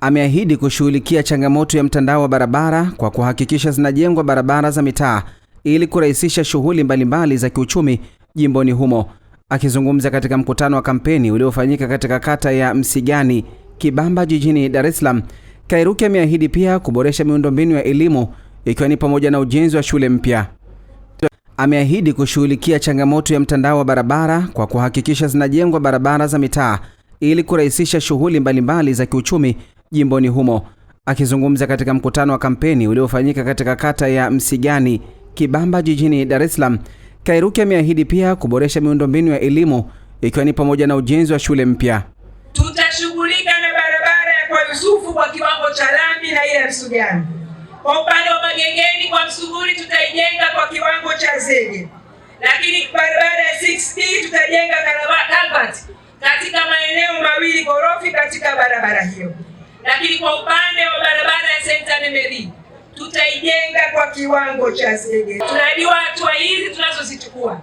ameahidi kushughulikia changamoto ya mtandao wa barabara kwa kuhakikisha zinajengwa barabara za mitaa ili kurahisisha shughuli mbalimbali za kiuchumi jimboni humo. Akizungumza katika mkutano wa kampeni uliofanyika katika kata ya Msigani, Kibamba jijini Dar es Salaam, Kairuki ameahidi pia kuboresha miundombinu ya elimu ikiwa ni pamoja na ujenzi wa shule mpya. Ameahidi kushughulikia changamoto ya mtandao wa barabara kwa kuhakikisha zinajengwa barabara za mitaa ili kurahisisha shughuli mbalimbali za kiuchumi jimboni humo. Akizungumza katika mkutano wa kampeni uliofanyika katika kata ya Msigani, Kibamba jijini Dar es Salaam, Kairuki ameahidi pia kuboresha miundombinu ya elimu ikiwa ni pamoja na ujenzi wa shule mpya. Tutashughulika na barabara ya kwa Yusufu kwa kiwango cha lami na ile ya Kwa upande wa Magengeni kwa Msuguri tutaijenga kwa kiwango cha zege lakini barabara ya 60 tutajenga culvert katika maeneo mawili korofi katika barabara hiyo, lakini kwa upande wa barabara ya Saint Anne tutaijenga kwa kiwango cha zege. Tunajua hatua hizi tunazozichukua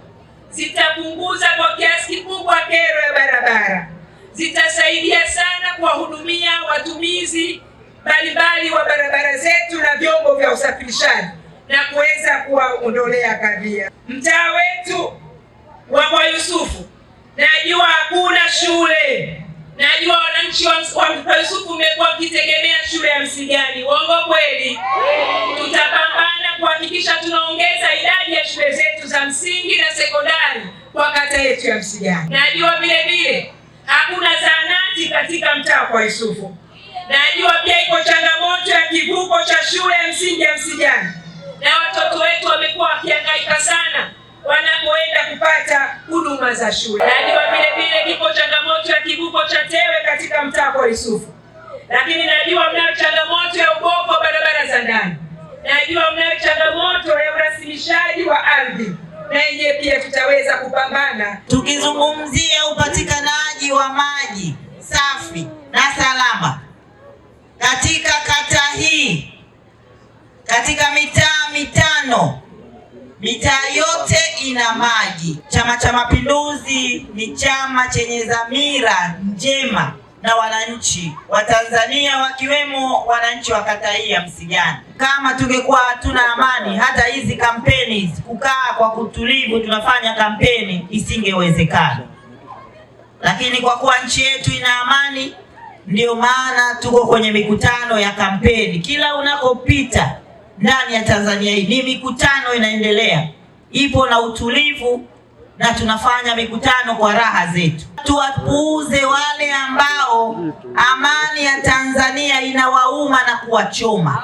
zitapunguza kwa kiasi kikubwa kero ya barabara, zitasaidia sana kuwahudumia watumizi mbalimbali wa barabara zetu na vyombo vya usafirishaji na kuweza kuwaondolea kadhia. Mtaa wetu wa kwa Yusufu, najua hakuna shule, najua wananchi wa kwa Yusufu mmekuwa mkitegemea shule ya Msigani. Uongo kweli? Tutapambana kuhakikisha tunaongeza idadi ya shule zetu za msingi na sekondari kwa kata yetu ya Msigani. Najua vile vile hakuna zahanati katika mtaa kwa Yusufu. Najua pia iko changamoto ya kivuko cha shule ya msingi ya Msigani na watoto wetu wamekuwa wakihangaika sana wanapoenda kupata huduma za shule. Najua vile vile kipo changamoto ya kivuko cha tewe katika mtaa wa Yusufu, lakini najua mnayo changamoto ya ubovu wa barabara za ndani, najua mnayo changamoto ya urasimishaji wa ardhi na yeye pia tutaweza kupambana. Tukizungumzia upatikanaji wa maji safi na salama katika kata mitaa yote ina maji. Chama cha Mapinduzi ni chama chenye dhamira njema na wananchi wa Tanzania wakiwemo wananchi wa kata hii ya Msigani. Kama tungekuwa hatuna amani, hata hizi kampeni kukaa kwa kutulivu, tunafanya kampeni isingewezekana, lakini kwa kuwa nchi yetu ina amani, ndio maana tuko kwenye mikutano ya kampeni kila unakopita ndani ya Tanzania hii. Ni mikutano inaendelea, ipo na utulivu na tunafanya mikutano kwa raha zetu. Tuwapuuze wale ambao amani ya Tanzania inawauma na kuwachoma.